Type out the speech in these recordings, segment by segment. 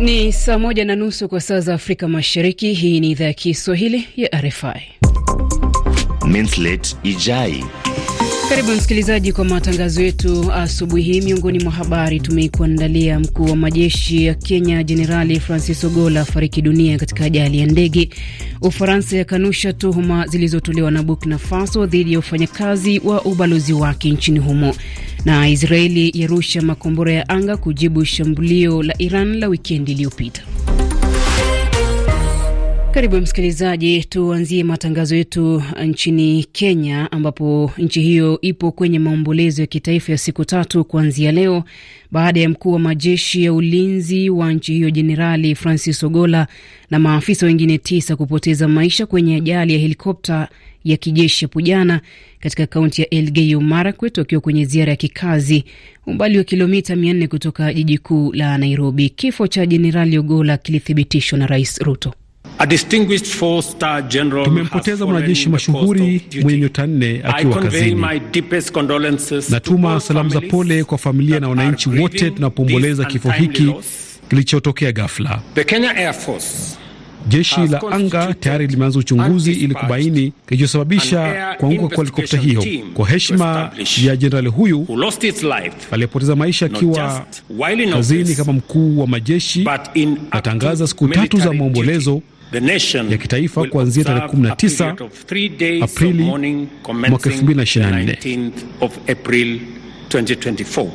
Ni saa moja na nusu kwa saa za Afrika Mashariki. Hii ni idhaa ya Kiswahili ya RFI. Mintlet Ijai karibu msikilizaji kwa matangazo yetu asubuhi hii. Miongoni mwa habari tumekuandalia: mkuu wa majeshi ya Kenya Jenerali Francis Ogola fariki dunia katika ajali ya ndege. Ufaransa yakanusha tuhuma zilizotolewa na Burkina Faso dhidi ya wafanyakazi wa ubalozi wake nchini humo, na Israeli yarusha makombora ya anga kujibu shambulio la Iran la wikendi iliyopita. Karibu msikilizaji, tuanzie matangazo yetu nchini Kenya, ambapo nchi hiyo ipo kwenye maombolezo ya kitaifa ya siku tatu kuanzia leo baada ya mkuu wa majeshi ya ulinzi wa nchi hiyo Jenerali Francis Ogola na maafisa wengine tisa kupoteza maisha kwenye ajali ya helikopta ya kijeshi hapo jana katika kaunti ya Elgeyo Marakwet wakiwa kwenye ziara ya kikazi umbali wa kilomita 400 kutoka jiji kuu la Nairobi. Kifo cha Jenerali Ogola kilithibitishwa na Rais Ruto. Tumempoteza mwanajeshi mashuhuri mwenye nyota nne akiwa kazini. Natuma salamu za pole kwa familia na wananchi wote tunapoomboleza kifo hiki kilichotokea ghafla. Jeshi la anga tayari limeanza uchunguzi ili kubaini kilichosababisha kuanguka kwa helikopta hiyo. Kwa heshima ya jenerali huyu aliyepoteza maisha akiwa kazini kama mkuu wa majeshi, natangaza siku tatu za maombolezo ya kitaifa kuanzia tarehe 19 Aprili mwaka 2024.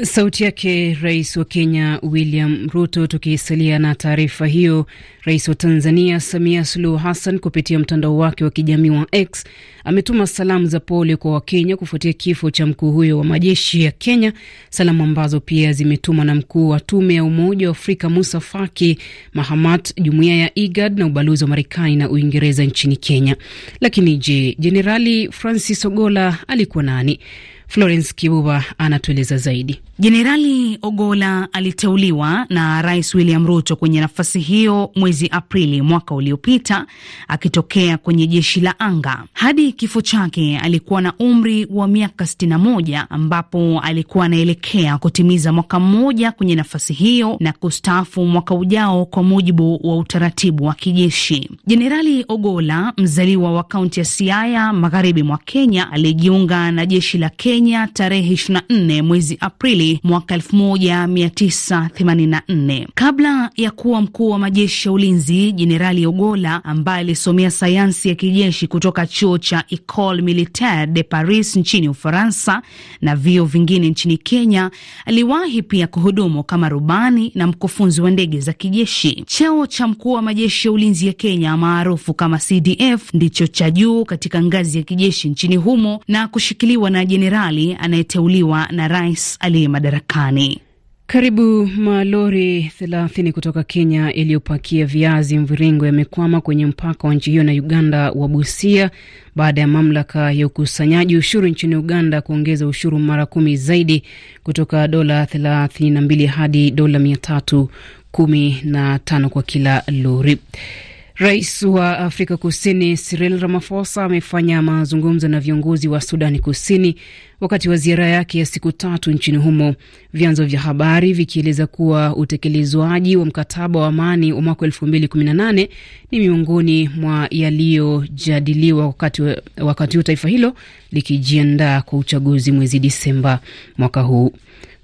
Sauti yake Rais wa Kenya William Ruto. Tukisalia na taarifa hiyo, Rais wa Tanzania Samia Suluhu Hassan kupitia mtandao wake wa kijamii wa X ametuma salamu za pole kwa Wakenya kufuatia kifo cha mkuu huyo wa majeshi ya Kenya, salamu ambazo pia zimetumwa na mkuu wa tume ya Umoja wa Afrika Musa Faki Mahamat, jumuiya ya IGAD na ubalozi wa Marekani na Uingereza nchini Kenya. Lakini je, Jenerali Francis Ogola alikuwa nani? Florence Kibuba anatueleza zaidi. Jenerali Ogola aliteuliwa na Rais William Ruto kwenye nafasi hiyo mwezi Aprili mwaka uliopita akitokea kwenye jeshi la anga. Hadi kifo chake alikuwa na umri wa miaka 61 ambapo alikuwa anaelekea kutimiza mwaka mmoja kwenye nafasi hiyo na kustaafu mwaka ujao kwa mujibu wa utaratibu wa kijeshi. Jenerali Ogola, mzaliwa wa kaunti ya Siaya, magharibi mwa Kenya, alijiunga na jeshi la Kenya tarehe 24 mwezi Aprili Magharibi mwaka 1984. Kabla ya kuwa mkuu wa majeshi ya ulinzi, Jenerali Ogola ambaye alisomea sayansi ya kijeshi kutoka chuo cha Ecole Militaire de Paris nchini Ufaransa na vio vingine nchini Kenya, aliwahi pia kuhudumu kama rubani na mkufunzi wa ndege za kijeshi. Cheo cha mkuu wa majeshi ya ulinzi ya Kenya maarufu kama CDF ndicho cha juu katika ngazi ya kijeshi nchini humo na kushikiliwa na jenerali anayeteuliwa na rais aliye madarakani. Karibu malori 30 kutoka Kenya yaliyopakia viazi mviringo yamekwama kwenye mpaka wa nchi hiyo na Uganda wa Busia baada ya mamlaka ya ukusanyaji ushuru nchini Uganda kuongeza ushuru mara kumi zaidi kutoka dola 32 hadi dola 315 kwa kila lori. Rais wa Afrika Kusini Cyril Ramaphosa amefanya mazungumzo na viongozi wa Sudani Kusini wakati wa ziara yake ya siku tatu nchini humo, vyanzo vya habari vikieleza kuwa utekelezwaji wa mkataba wa amani wa mwaka 2018 ni miongoni mwa yaliyojadiliwa wakati, wakati huu taifa hilo likijiandaa kwa uchaguzi mwezi Disemba mwaka huu.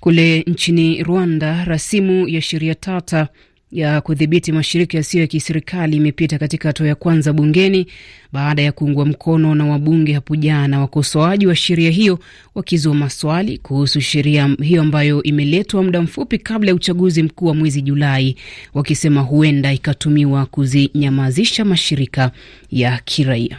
Kule nchini Rwanda, rasimu ya sheria tata ya kudhibiti mashirika yasiyo ya kiserikali imepita katika hatua ya kwanza bungeni baada ya kuungwa mkono na wabunge hapo jana, wakosoaji wa sheria hiyo wakizua maswali kuhusu sheria hiyo ambayo imeletwa muda mfupi kabla ya uchaguzi mkuu wa mwezi Julai, wakisema huenda ikatumiwa kuzinyamazisha mashirika ya kiraia.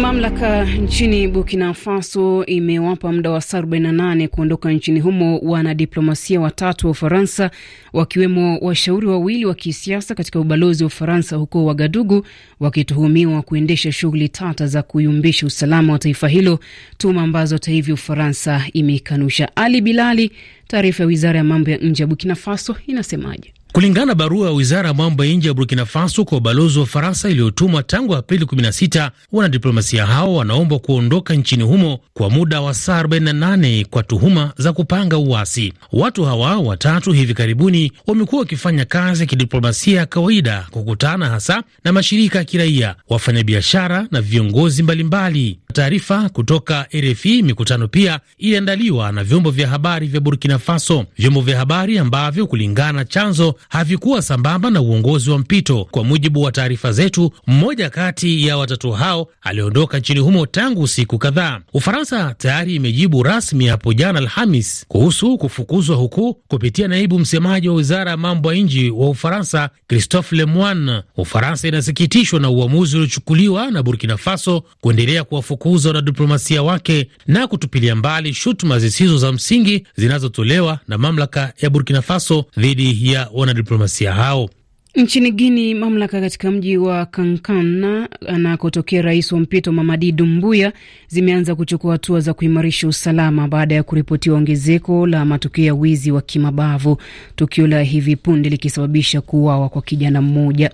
Mamlaka nchini Burkina Faso imewapa muda wa saa 48 kuondoka nchini humo wanadiplomasia watatu wa Ufaransa, wakiwemo washauri wawili wa kisiasa katika ubalozi wa Ufaransa huko Wagadugu, wakituhumiwa kuendesha shughuli tata za kuyumbisha usalama wa taifa hilo, tuma ambazo hata hivyo Ufaransa imekanusha. Ali Bilali, taarifa ya wizara ya mambo ya nje ya Burkina Faso inasemaje? Kulingana na barua ya wizara ya mambo ya nje ya Burkina Faso kwa ubalozi wa faransa iliyotumwa tangu Aprili 16, wanadiplomasia hao wanaombwa kuondoka nchini humo kwa muda wa saa 48 kwa tuhuma za kupanga uasi. Watu hawa watatu hivi karibuni wamekuwa wakifanya kazi ya kidiplomasia ya kawaida, kukutana hasa na mashirika ya kiraia, wafanyabiashara na viongozi mbalimbali. Taarifa kutoka RFI. Mikutano pia iliandaliwa na vyombo vya habari vya Burkina Faso, vyombo vya habari ambavyo kulingana chanzo havikuwa sambamba na uongozi wa mpito. Kwa mujibu wa taarifa zetu, mmoja kati ya watatu hao aliondoka nchini humo tangu siku kadhaa. Ufaransa tayari imejibu rasmi hapo jana Alhamis kuhusu kufukuzwa huku kupitia naibu msemaji wa wizara ya mambo ya nje wa Ufaransa Christophe Lemoine. Ufaransa inasikitishwa na uamuzi uliochukuliwa na Burkina Faso kuendelea kuwafukuza wanadiplomasia wake na kutupilia mbali shutuma zisizo za msingi zinazotolewa na mamlaka ya Burkina Faso dhidi ya wana wanadiplomasia hao. Nchini Guini, mamlaka katika mji wa Kankana anakotokea rais wa mpito Mamadi Dumbuya zimeanza kuchukua hatua za kuimarisha usalama baada ya kuripotiwa ongezeko la matukio ya wizi wa kimabavu, tukio la hivi punde likisababisha kuuawa kwa kijana mmoja.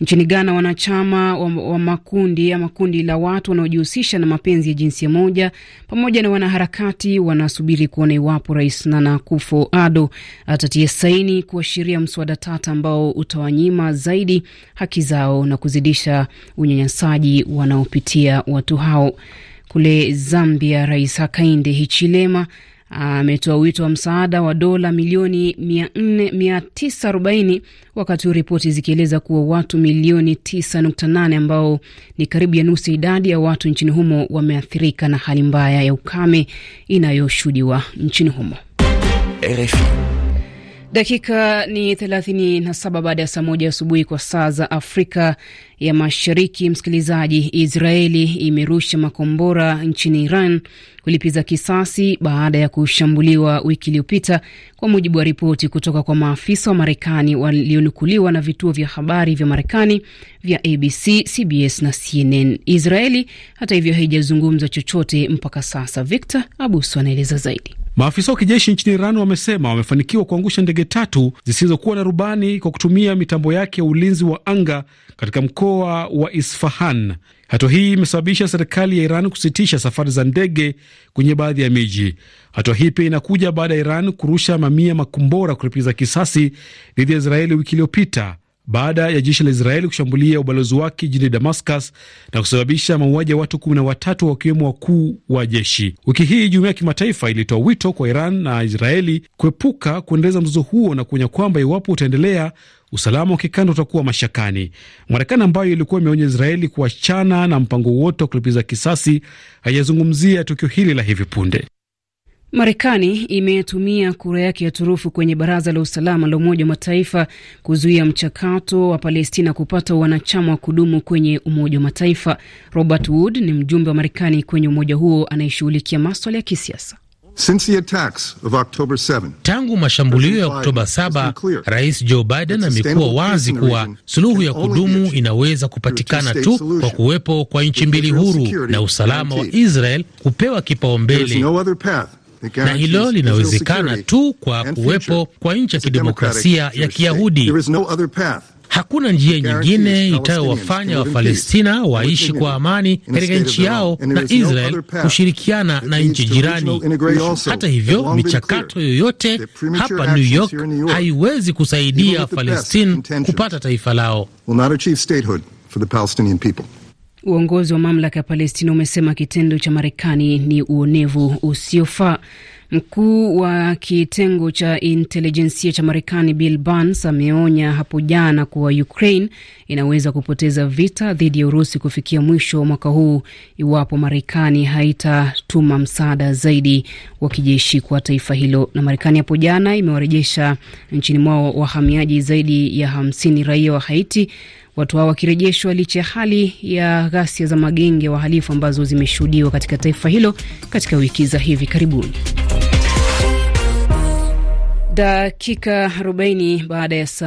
Nchini Ghana, wanachama wa, wa makundi ama kundi la watu wanaojihusisha na mapenzi ya jinsia moja pamoja na wanaharakati wanasubiri kuona iwapo Rais Nana Akufo-Addo atatia saini kuashiria mswada tata ambao utawanyima zaidi haki zao na kuzidisha unyanyasaji wanaopitia watu hao. Kule Zambia, Rais Hakainde Hichilema ametoa wito wa msaada wa dola milioni 940 wakati huu ripoti zikieleza kuwa watu milioni 9.8 ambao ni karibu ya nusu idadi ya watu nchini humo wameathirika na hali mbaya ya ukame inayoshuhudiwa nchini humo. RFI. Dakika ni 37 baada ya saa moja asubuhi kwa saa za Afrika ya Mashariki. Msikilizaji, Israeli imerusha makombora nchini Iran kulipiza kisasi baada ya kushambuliwa wiki iliyopita, kwa mujibu wa ripoti kutoka kwa maafisa wa Marekani walionukuliwa na vituo vya habari vya Marekani vya ABC, CBS na CNN. Israeli hata hivyo haijazungumza chochote mpaka sasa. Victor Abuso anaeleza zaidi. Maafisa wa kijeshi nchini Iran wamesema wamefanikiwa kuangusha ndege tatu zisizokuwa na rubani kwa kutumia mitambo yake ya ulinzi wa anga katika mkoa wa Isfahan. Hatua hii imesababisha serikali ya Iran kusitisha safari za ndege kwenye baadhi ya miji. Hatua hii pia inakuja baada ya Iran kurusha mamia makombora kulipiza kisasi dhidi ya Israeli wiki iliyopita baada ya jeshi la Israeli kushambulia ubalozi wake jijini Damascus na kusababisha mauaji ya watu kumi na watatu wakiwemo wakuu wa jeshi. Wiki hii jumuiya ya kimataifa ilitoa wito kwa Iran na Israeli kuepuka kuendeleza mzozo huo na kuonya kwamba iwapo utaendelea usalama wa kikanda utakuwa mashakani. Marekani ambayo ilikuwa imeonya Israeli kuachana na mpango wote wa kulipiza kisasi haijazungumzia tukio hili la hivi punde. Marekani imetumia kura yake ya turufu kwenye baraza la usalama la Umoja wa Mataifa kuzuia mchakato wa Palestina kupata wanachama wa kudumu kwenye Umoja wa Mataifa. Robert Wood ni mjumbe wa Marekani kwenye umoja huo anayeshughulikia maswala ya kisiasa. Since the attacks of October 7, tangu mashambulio ya Oktoba 7, Rais Joe Biden amekuwa wazi kuwa suluhu ya kudumu inaweza kupatikana tu kwa kuwepo kwa nchi mbili huru na usalama wa Israel kupewa kipaumbele na hilo linawezekana tu kwa kuwepo kwa nchi ya kidemokrasia ya Kiyahudi. Hakuna njia nyingine itayowafanya Wafalestina waishi kwa amani katika nchi yao na Israel kushirikiana na nchi jirani. Hata hivyo, michakato yoyote hapa New York haiwezi kusaidia falestine kupata taifa lao. Uongozi wa mamlaka ya Palestina umesema kitendo cha Marekani ni uonevu usiofaa. Mkuu wa kitengo cha intelijensia cha Marekani Bill Burns ameonya hapo jana kuwa Ukraine inaweza kupoteza vita dhidi ya Urusi kufikia mwisho wa mwaka huu iwapo Marekani haitatuma msaada zaidi wa kijeshi kwa taifa hilo. Na Marekani hapo jana imewarejesha nchini mwao wahamiaji zaidi ya hamsini raia wa Haiti, watu hao wakirejeshwa licha ya hali ya ghasia za magenge wahalifu ambazo zimeshuhudiwa katika taifa hilo katika wiki za hivi karibuni. Dakika 40 baada ya saa